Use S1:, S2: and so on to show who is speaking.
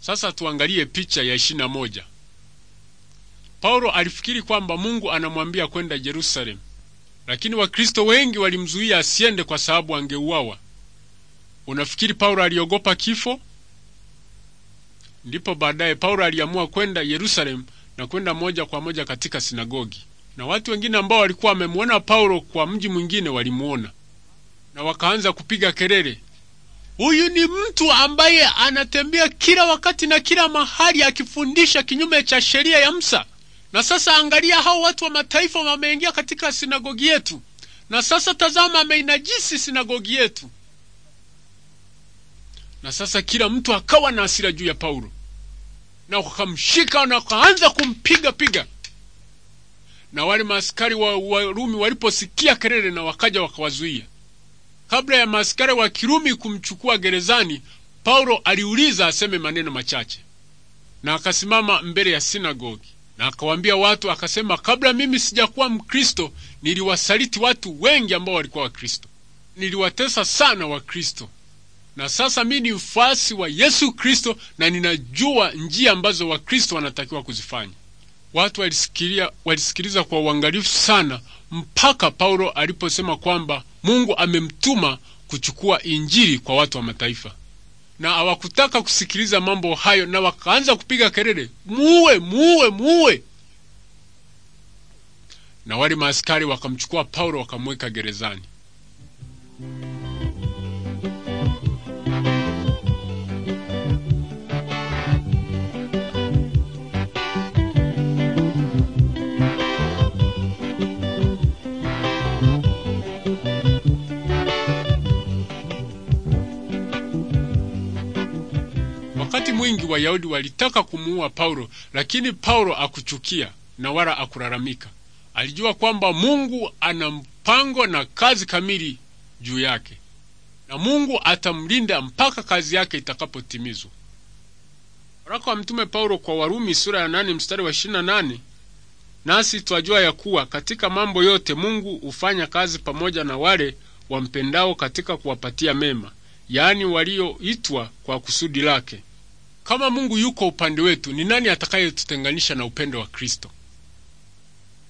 S1: Sasa tuangalie picha ya ishirini na moja. Paulo alifikiri kwamba Mungu anamwambia kwenda Yerusalemu, lakini Wakristo wengi walimzuia asiende kwa sababu angeuawa. Unafikiri Paulo aliogopa kifo? Ndipo baadaye Paulo aliamua kwenda Yerusalemu na kwenda moja kwa moja katika sinagogi, na watu wengine ambao walikuwa wamemwona Paulo kwa mji mwingine walimuona na wakaanza kupiga kelele, Huyu ni mtu ambaye anatembea kila wakati na kila mahali akifundisha kinyume cha sheria ya Musa. Na sasa angalia, hao watu wa mataifa wameingia katika sinagogi yetu, na sasa tazama, ameinajisi sinagogi yetu. Na sasa kila mtu akawa na hasira juu ya Paulo na wakamshika na wakaanza kumpiga piga. Na wale maaskari wa Warumi waliposikia kelele, na wakaja wakawazuia. Kabla ya maskari wa Kirumi kumchukua gerezani, Paulo aliuliza aseme maneno machache, na akasimama mbele ya sinagogi na akawaambia watu, akasema, kabla mimi sijakuwa Mkristo niliwasaliti watu wengi ambao walikuwa Wakristo, niliwatesa sana Wakristo, na sasa mimi ni mfuasi wa Yesu Kristo na ninajua njia ambazo Wakristo wanatakiwa kuzifanya. Watu walisikilia, walisikiliza kwa uangalifu sana mpaka Paulo aliposema kwamba Mungu amemtuma kuchukua Injili kwa watu wa mataifa. Na hawakutaka kusikiliza mambo hayo, na wakaanza kupiga kelele, muue, muue, muue. Na wale maaskari wakamchukua Paulo wakamweka gerezani. Wakati mwingi Wayahudi walitaka kumuua Paulo, lakini Paulo akuchukia na wala akulalamika. Alijua kwamba Mungu ana mpango na kazi kamili juu yake na Mungu atamlinda mpaka kazi yake itakapotimizwa. Waraka wa Mtume Paulo kwa Warumi sura ya nane mstari wa ishirini na nane nasi twajua ya kuwa katika mambo yote Mungu hufanya kazi pamoja na wale wampendao katika kuwapatia mema, yaani walioitwa kwa kusudi lake. Kama Mungu yuko upande wetu, ni nani atakayetutenganisha na upendo wa Kristo?